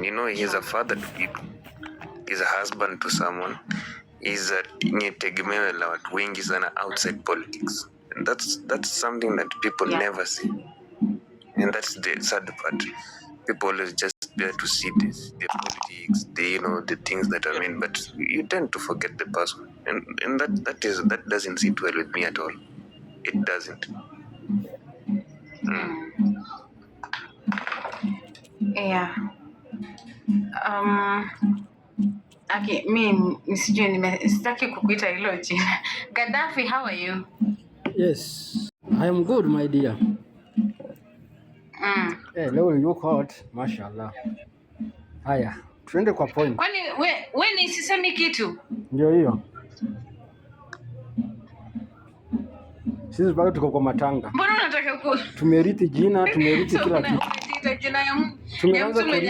you know he's a father to people, he's a husband to someone, is a tegemewe la watu wengi sana outside politics and that's, that's something that people yeah. never see and that's the sad part people always just there to see this, the politics the you know the things that i mean but you tend to forget the person and and that that is that doesn't sit well with me at all it doesn't mm. yeah um, okay, mi sijui sitaki kukuita hilo jina. Gaddafi, how are you? Yes, I am good, my dear. Mm. Hey, eh, leo yuko hot, mashallah. Haya, tuende kwa point. Kwani we, we ni kitu? Ndio hiyo. Sisi bado tuko kwa matanga. Mbona unataka ku? Tumerithi jina, tumerithi kila kitu. Tumeanza kwa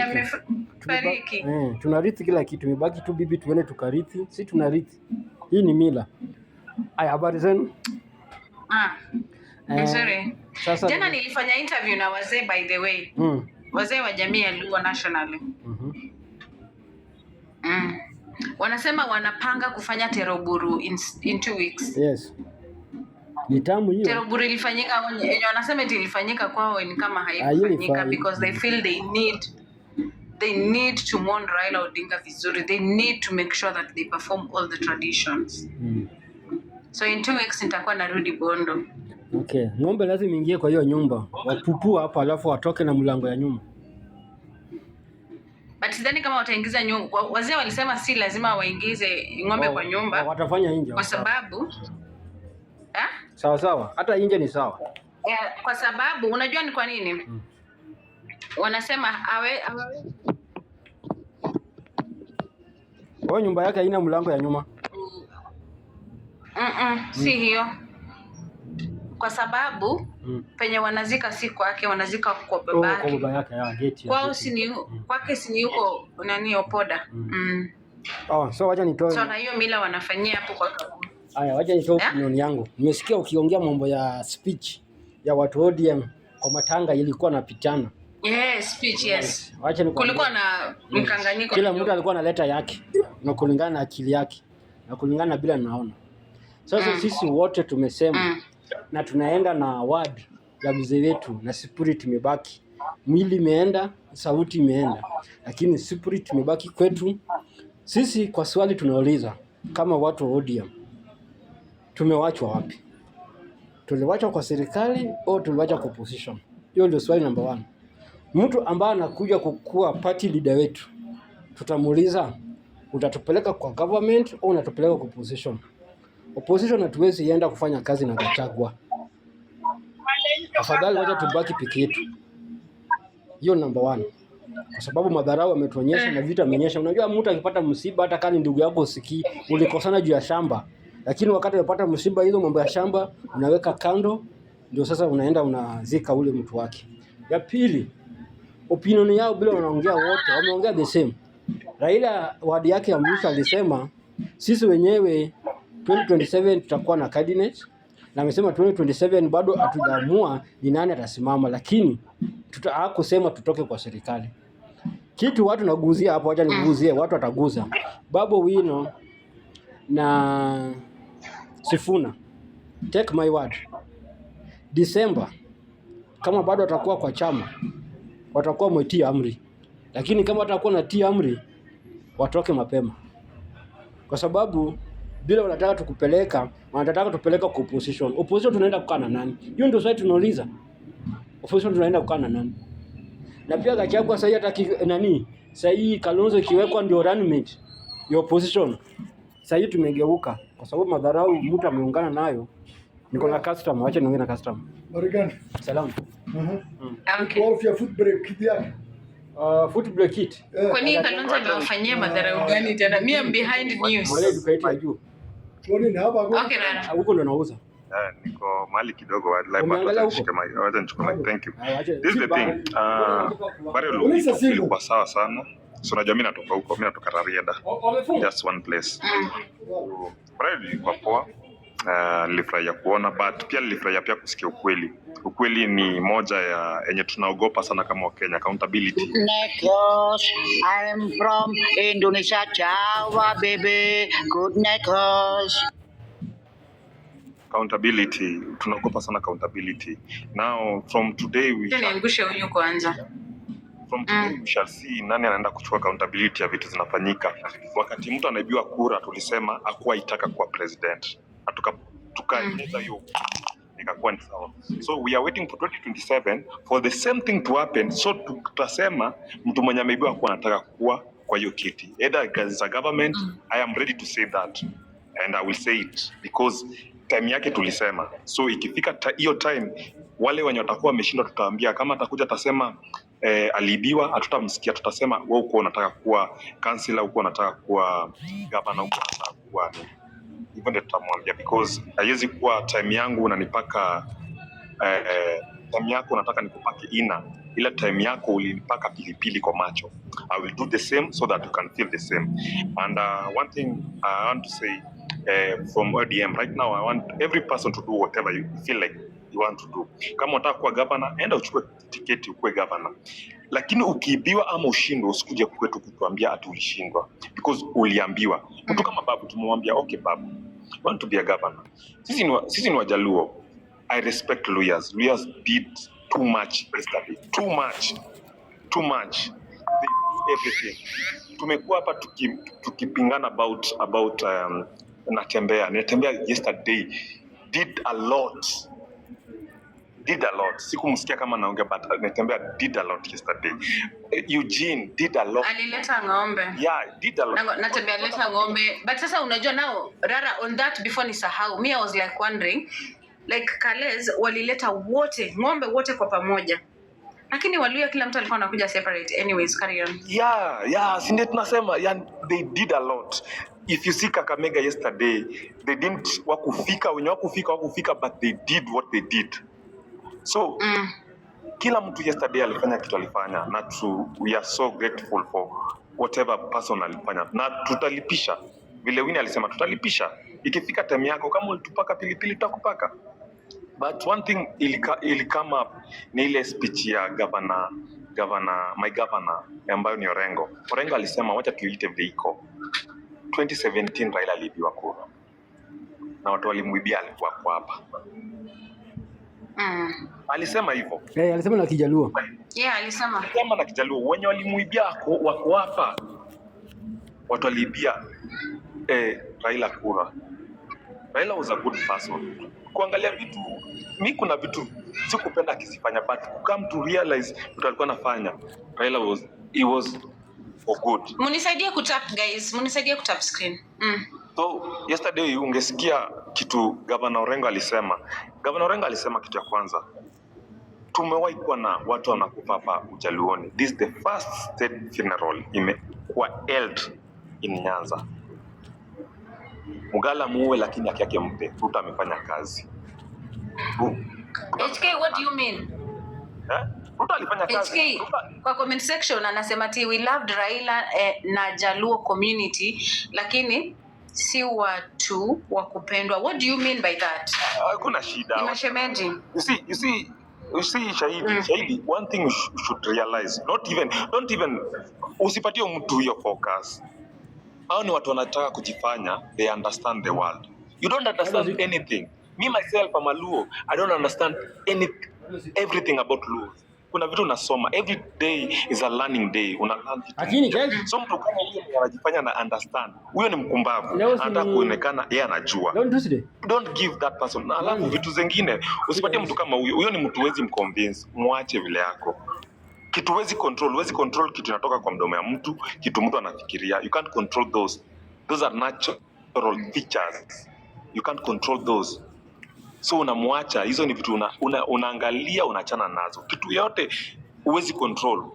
tunarithi eh, tunarithi kila kitu, imebaki tu bibi tuende tukarithi, si tunarithi. Hii ni mila. Aya, habari zenu? Ah, eh, nzuri. Sasa jana nilifanya interview na wazee by the way. Mm. Wazee wa jamii ya Luo National. Mm -hmm. Mm. Wanasema wanapanga kufanya teroburu in, in two weeks. Yes. Ni tamu hiyo. Teroburu ilifanyika, wanasema ilifanyika kwao ni kama ah, haifanyika because they feel they need they need to mourn Raila Odinga vizuri. They need to make sure that they perform all the traditions. Mm. So in two weeks nitakuwa narudi Bondo. Okay, ng'ombe lazima ingie kwa hiyo nyumba wapupua hapo, alafu watoke na mlango ya nyumba. But sidhani kama wataingiza nyumba. Wazee walisema si lazima waingize ng'ombe kwa oh, nyumba, oh, watafanya nje kwa oh, sababu eh? sawa sawa, hata nje ni sawa. Yeah, kwa sababu unajua ni kwa nini? Mm wanasema awe, awe. nyumba yake haina mlango ya nyuma mm. Mm -mm, si hiyo kwa sababu mm. penye wanazika si kwake, wanazika kwa oh, baba yake, kwa geti kwao, si ni mm. kwake si ni huko nani Opoda mm. Mm. Oh, so wacha nitoe so, na hiyo mila wanafanyia hapo kwa kaburi. Haya, wacha nitoe eh? opinion yangu. Nimesikia ukiongea mambo ya speech ya watu ODM kwa matanga ilikuwa napitana Yes, speech, yes. Wacha kulikuwa na mkanganyiko. Kila mtu alikuwa na leta yake na kulingana na akili yake na kulingana na bila naona. Sasa mm. sisi wote tumesema mm. na tunaenda na word ya mzee wetu na spirit imebaki. Mwili imeenda, sauti imeenda, lakini spirit imebaki kwetu. Sisi kwa swali tunauliza kama watu wa ODM tumewachwa wapi? Tuliwachwa kwa serikali au tuliwachwa kwa opposition? Hiyo ndio swali namba 1 mtu ambaye anakuja kukua party leader wetu, tutamuuliza utatupeleka kwa government au unatupeleka kwa opposition? Opposition hatuwezi ienda kufanya kazi na Gachagua, afadhali wacha tubaki peke yetu. Hiyo number one, kwa sababu madharau ametuonyesha na vita amenyesha. Unajua, mtu akipata msiba, hata kani ndugu yako usikii, ulikosana juu ya shamba, lakini wakati amepata msiba, hizo mambo ya shamba unaweka kando, ndio sasa unaenda unazika ule mtu wake. Ya pili opinion yao bila wanaongea wote, wameongea the same. Raila wadi yake ya mwisho alisema sisi wenyewe 2027 tutakuwa na cabinet, na amesema 2027 bado hatujaamua ni nani atasimama, lakini tutakusema tutoke kwa serikali. Kitu watu naguzia hapo, acha niguzie, watu wataguza Babu Wino na Sifuna, take my word, December kama bado atakuwa kwa chama watakuwa wametia amri, lakini kama watakuwa natia amri watoke mapema, kwa sababu bila wanataka tukupeleka, wanataka tupeleka kwa opposition. Opposition tunaenda kukaa na nani? Hiyo ndio sasa tunauliza, opposition tunaenda kukaa na nani? Na pia Gachagua sasa hata nani sasa, Kalonzo ikiwekwa ndio mate ya opposition. Sasa tumegeuka, kwa sababu madharau mtu ameungana nayo. Niko na custom, acha niongee na customer. Marigani. Salamu. Mhm. Ah, okay. Golf ya foot break kit yake. Uh, foot break kit. Eh. Kwa nini Kalonzo amewafanyia madhara ah. gani tena? Mimi am behind news. Mbona duka yetu ya juu? Mbona ni hapa kwa. Okay, rara. Ah, huko ndo nauza. Yeah, niko mali kidogo wildlife thank you. This is the thing. Uh, bado ilikuwa sawa sana. So najua mimi natoka huko, mimi natoka Rarieda. Oh, oh, Just one place. Mm. Bado kwa poa. Eh, nilifurahia uh, kuona but pia nilifurahia pia kusikia ukweli. Ukweli ni moja ya yenye tunaogopa sana kama Wakenya, accountability. I'm from Indonesia baby. accountability, tunaogopa sana accountability. Now from today we niangushe kwanza mm. nani anaenda kuchukua accountability ya vitu zinafanyika. Wakati mtu anaibiwa kura, tulisema itaka kuwa president na tukaeleza mm. hiyo ikakuwa ni sawa. So we are waiting for 2027 for the same thing to happen. So tutasema mtu mwenye ameibiwa kuwa anataka kuwa kwa hiyo kiti either as a government mm. I am ready to say that and I will say it because time yake tulisema. So ikifika hiyo time, wale wenye watakuwa wameshindwa tutaambia. Kama atakuja atasema eh, aliibiwa, hatutamsikia. Tutasema wewe uko unataka kuwa kansila, uko unataka kuwa gavana, uko unataka kuwa hivyo ndio tutamwambia, because haiwezi kuwa time yangu unanipaka eh, eh, time yako nataka nikupake ina, ila time yako ulinipaka pilipili kwa macho. I will do the same so that you can feel the same and uh, one thing I want to say uh, from ODM right now I want every person to do whatever you feel like you want to do. Kama unataka kuwa governor, enda uchukue tiketi ukuwe governor. lakini ukiibiwa ama ushindwe, usikuje kwetu kutuambia ati ulishindwa because uliambiwa. Mtu mm. kama babu tumemwambia okay, babu want to be a governor. Sisi ni sisi ni Wajaluo. I respect lawyers. Lawyers did too much yesterday. Too much. Too much. They do everything. Tumekuwa hapa tukipingana tuki about about um, natembea natembea yesterday did a lot did a lot. Sikumsikia kama anaongea but anatembea did a lot yesterday. Eh, Eugene did a lot. Alileta ng'ombe. Yeah, did a lot. Natembea leta ng'ombe. But sasa unajua nao Rara on that before ni sahau. Me I was like wondering like Kalez walileta wote ng'ombe wote kwa pamoja. Lakini Waluya kila mtu alikuwa anakuja separate. Anyways, carry on. Yeah, yeah, si ndio tunasema yeah, they did a lot. If you see Kakamega yesterday, they didn't wakufika, wenye wakufika wakufika but they did what they did. So mm. Kila mtu yesterday alifanya kitu alifanya, na tu, we are so grateful for whatever person alifanya, na tutalipisha vile Winnie alisema, tutalipisha ikifika time yako. Kama ulitupaka pilipili, tutakupaka but one thing ilika, ilikama ni ile speech ya governor governor my governor ambayo ni Orengo. Orengo alisema wacha tuite vehicle 2017 Raila aliibiwa kura na watu walimwibia, alikuwa hapa Mm. Alisema hivyo. Eh, hey, alisema na Kijaluo. Yeah, alisema. Alisema na Kijaluo wenye walimuibia wako wako hapa. Watu waliibia eh, Raila kura. Raila was a good person. Kuangalia vitu, mi kuna vitu sikupenda akizifanya but come to realize mtu alikuwa anafanya. Raila was he was for good. Munisaidie kutap guys, munisaidie kutap screen. Mm. So yesterday ungesikia kitu gavana Orengo alisema. Gavana Orengo alisema kitu ya kwanza, tumewahi kuwa na watu wanakufa hapa Ujaluoni. This is the first state funeral imekuwa held in Nyanza. Mgala muue, lakini haki yake mpe. Ruto amefanya kazi. HK, what do you mean? Eh? Ruto alifanya kazi. HK, kwa comment section anasema ti we loved Raila eh, na Jaluo community lakini si watu wa kupendwa. What do you mean by that? Ah, hakuna shida. mashemeji. You see, you see You see, shahidi, mm. shahidi, one thing you should realize, not even, don't even, usipatie mtu hiyo focus. Hao ni watu wanataka kujifanya they understand the world. You don't understand anything. Me myself, I'm a Luo. I don't understand any, everything about Luo kuna vitu unasoma, every day is a learning day, una Lakini guys, so mtu kama yeye anajifanya na understand, huyo ni mkumbavu, anataka kuonekana yeye anajua. Don't give that person. Alafu vitu zingine usipatie mtu kama huyo, huyo ni mtu wezi mconvince, mwache vile yako kitu wezi control, wezi control kitu inatoka kwa mdomo ya mtu, kitu mtu anafikiria. You can't control those, those are natural features, you can't control those so unamwacha. Hizo ni vitu una, una, unaangalia unachana nazo, kitu yote huwezi control.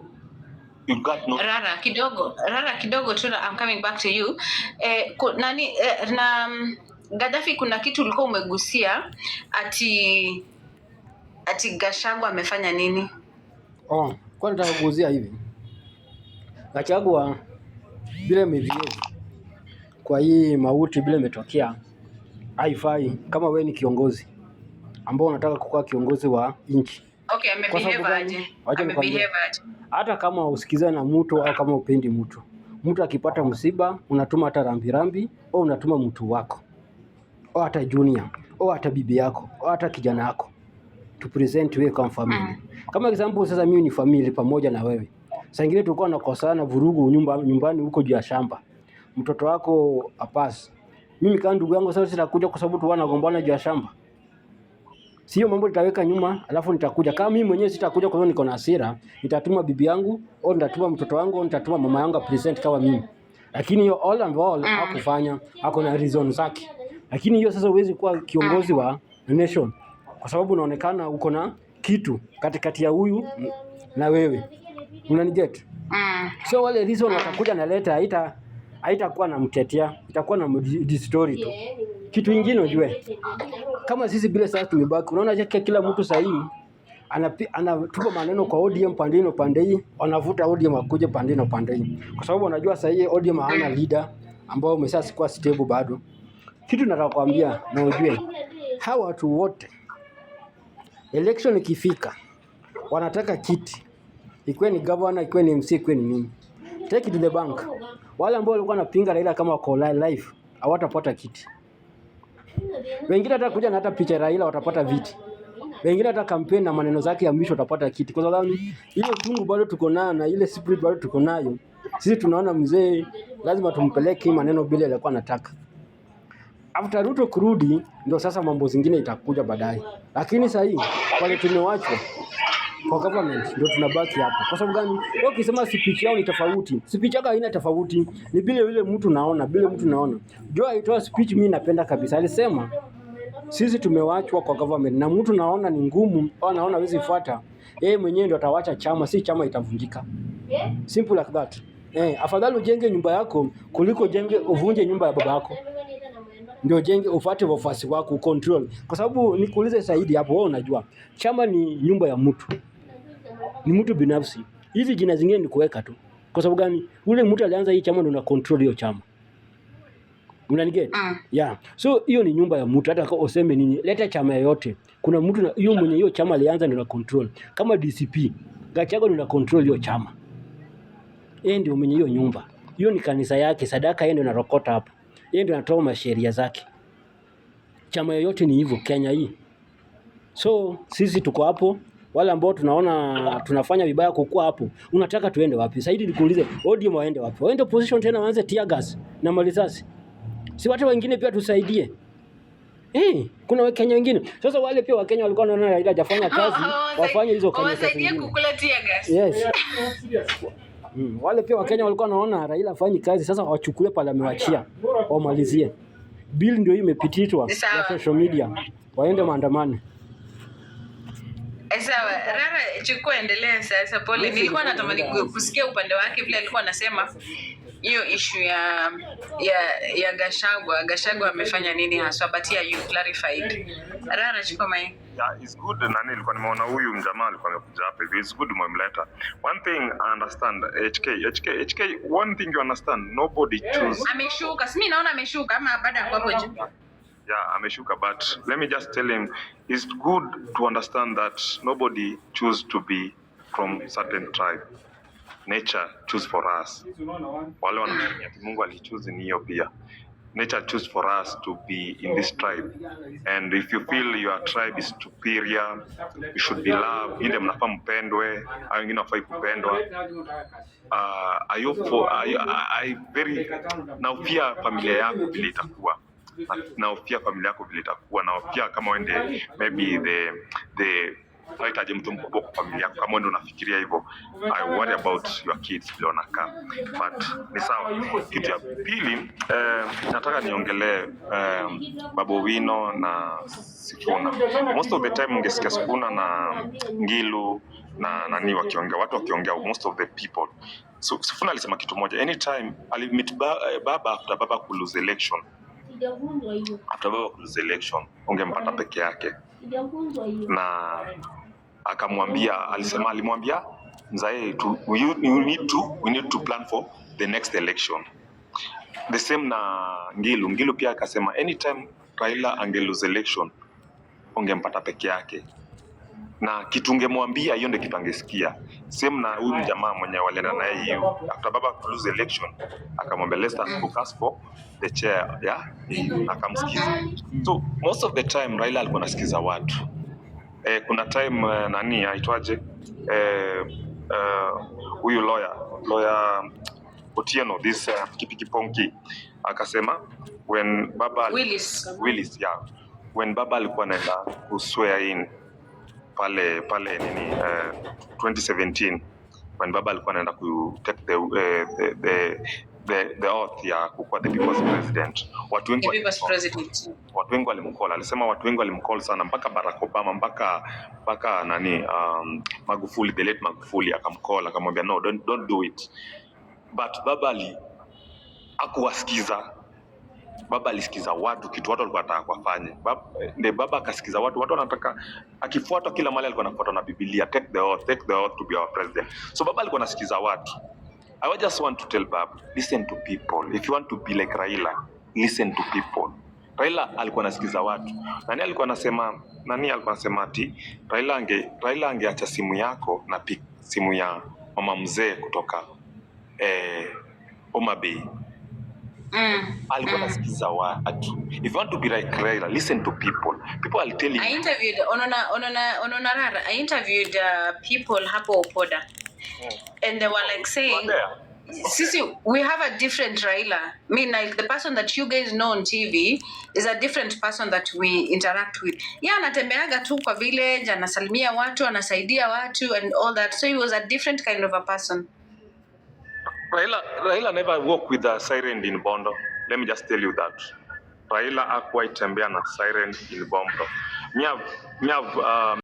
No... Rara kidogo, Rara kidogo tu, I'm coming back to you eh, nani, eh, na mm, Gaddafi, kuna kitu ulikuwa umegusia ati ati Gachagua amefanya nini? Oh, kwani nataka hivi Gachagua bila mivievu kwa hii mauti bila imetokea haifai. Kama we ni kiongozi ambao unataka kukua kiongozi wa nchi. Okay, amebehave aje? Amebehave aje? Hata kama usikizane na mtu au kama upendi mtu, mtu akipata msiba unatuma hata rambirambi au unatuma mtu wako au hata junior au hata bibi yako au hata kijana yako to present wewe kama family. Mm. Kama example sasa, mimi ni family pamoja na wewe. Saa ingine tulikuwa tunakosana vurugu nyumba, nyumbani huko juu ya shamba, mtoto wako apas, mimi kama ndugu yangu sasa sitakuja kwa sababu tu wanagombana juu ya shamba. Sio mambo nitaweka nyuma alafu nitakuja. Kama mimi mwenyewe sitakuja kwa sababu niko na hasira, nitatuma bibi yangu au nitatuma mtoto wangu au nitatuma mama yangu present kama mimi. Lakini hiyo all and all ah. hakufanya, hako na reason zake. Lakini hiyo sasa huwezi kuwa kiongozi wa nation kwa sababu unaonekana uko na kitu katikati ya huyu na wewe. Unaniget? Ah. So wale reason watakuja na leta haita haitakuwa na mtetea, itakuwa na story tu kitu ingine ujue, kama sisi bila sasa tumebaki, unaona kila mtu sahihi anatupa maneno kwa ODM pande hii pande hii, wanavuta ODM akuje pande hii pande hii, kwa sababu wanajua hii ODM hana leader ambao umeshakuwa stable bado. Kitu nataka kuambia na ujue, hawa watu wote election ikifika, wanataka kiti, ikiwe ni governor, ikiwe ni MC, ikiwe ni nini, take it to the bank. Wale ambao walikuwa wanapinga Raila kama wako live hawatapata kiti. Wengine hata kuja na hata picha Raila watapata viti, wengine hata kampeni na maneno zake ya mwisho watapata kiti, kwa sababu ile tungu bado tuko nayo na ile spirit bado tuko nayo. Sisi tunaona mzee lazima tumpeleke maneno bila alikuwa anataka. After Ruto kurudi, ndio sasa mambo zingine itakuja baadaye, lakini sasa hii wale tumewachwa kwa government ndio tunabaki hapo. Kwa sababu gani? Wao kisema speech yao ni tofauti. Speech yao haina tofauti. Ni vile vile mtu naona, vile mtu naona. Jo aitoa speech mimi napenda kabisa. Alisema sisi tumewachwa kwa government na mtu naona ni ngumu au naona hawezi fuata. Yeye mwenyewe ndio atawacha chama, si chama itavunjika. Simple like that. Eh, afadhali ujenge nyumba yako kuliko jenge uvunje nyumba ya baba yako ndio jenge ufuate wafuasi wako control. kwa sababu nikuulize Saidi hapo, wewe unajua chama ni nyumba ya mtu, ni mtu binafsi. Hizi jina zingine ni kuweka tu. Kwa sababu gani? Ule mtu alianza hii chama ndio una control hiyo chama. Unanigeti? Mm. Ah. Yeah. So hiyo ni nyumba ya mtu, hata kama useme nini, leta chama yoyote, kuna mtu na hiyo mwenye hiyo chama alianza ndio na control. Kama DCP, Gachagua ndio na control hiyo chama. Yeye ndio mwenye hiyo nyumba. Hiyo ni kanisa yake, sadaka yeye ndio anarokota hapo yeye ndio anatoa masheria zake. Chama yoyote ni hivyo Kenya hii. So sisi tuko hapo, wale ambao tunaona tunafanya vibaya kukua hapo, unataka tuende wapi? Saidi nikuulize, ODM waende wapi? Waende opposition tena waanze tear gas na malisasi? Si watu wengine pia tusaidie. Eh, kuna Wakenya wengine. Sasa wale pia Wakenya walikuwa wanaona Raila hajafanya kazi, oh, oh, oh, wafanye hizo kazi. Wasaidie kukula tear gas. Yes. Mm. Wale pia Wakenya walikuwa wanaona Raila afanyi kazi, sasa wachukue pale amewachia wamalizie. Bill ndio hii imepitishwa ya social media, waende maandamano. Eh, sawa, Rara, chukua endelea sasa. Pole, nilikuwa natamani kusikia upande wake vile alikuwa anasema hiyo ishu ya ya ya Gashagwa, Gashagwa amefanya nini haswa, but yeah, you clarified. Raha Rara mai. Yeah, it's good nani, ilikuwa nimeona huyu mjamaa alikuwa amekuja hapa hivi, it's good mwemleta. One thing I understand HK HK HK, one thing you understand, nobody choose. Ameshuka, si mimi naona ameshuka ama baada ya hapo juu yeah, ameshuka but let me just tell him it's good to understand that nobody choose to be from certain tribe nature choose for us. Wale wanaamini ati Mungu alichoose ni hiyo pia. Nature choose for us to be in this tribe. And if you feel your tribe is superior, you should be loved. Ile mnafaa mpendwe, au wengine wafai kupendwa. Uh, ayo for I, I very na pia familia yako vile itakuwa na, na familia yako vile itakuwa na pia kama wende maybe the the unahitaji mtu mkubwa kwa familia yako, kama ndio unafikiria hivyo, I worry about your kids vile wanakaa, but ni sawa. Kitu ya pili eh, nataka niongelee eh, Babu Wino na Sifuna. Most of the time ungesikia Sifuna na Ngilu na nani wakiongea, watu wakiongea, most of the people so, Sifuna alisema kitu moja anytime alimit ba, eh, baba after baba kulose election after baba kulose election, ungempata peke yake na akamwambia, alisema, alimwambia mzae, you need to, we need to plan for the next election. The same na Ngilu. Ngilu pia akasema anytime Raila angelose election ungempata peke yake na kitu ungemwambia hiyo ndio kitu angesikia. Same na huyu jamaa mwenye walienda naye hiyo, after baba lose election akamwambia let's focus mm. for the chair ya yeah? mm. Akamsikiza. So most of the time Raila alikuwa anasikiza watu eh, kuna time eh, nani aitwaje eh, eh huyu uh, lawyer lawyer Otieno this uh, eh, Kipikiponki akasema when baba Willis, Willis yeah when baba alikuwa anaenda kuswear in pale pale nini uh, eh, 2017 when baba alikuwa anaenda ku take the, uh, the, the the the oath ya kukuwa the people's president. Watu wengi watu wengi walimcall, alisema watu wengi walimcall sana, mpaka Barack Obama mpaka mpaka nani um, Magufuli, the late Magufuli akamcall akamwambia no, don't, don't do it, but baba ali akuwasikiza baba alisikiza watu kitu watu walikuwa wanataka kufanya. Baba eh, baba akasikiza watu, watu wanataka akifuatwa kila mahali, alikuwa anafuatwa na Biblia, take the oath, take the oath to be our president. So baba alikuwa anasikiza watu. I just want to tell baba, listen to people. If you want to be like Raila, listen to people. Raila alikuwa anasikiza watu. Nani alikuwa anasema, nani alikuwa anasema ati Raila ange Raila angeacha simu yako na pick simu ya mama mzee kutoka eh, Omabei Mm. Alikuwa mm. nasikiza watu. If you want to be like Raila, listen to people. People are telling you. I interviewed Onona Onona Onona Rara. I interviewed uh, people hapo Opoda. Mm. And they were like oh, saying Sisi, we have a different Raila. I mean, like the person that you guys know on TV is a different person that we interact with. Yeah, anatembeaga tu kwa village, anasalimia watu, anasaidia watu and all that. So he was a different kind of a person. Mm. Raila, Raila never walk with a siren in Bondo. Let me just tell you that. Raila hakuwahi tembea na siren in Bondo. Mia, mia, um,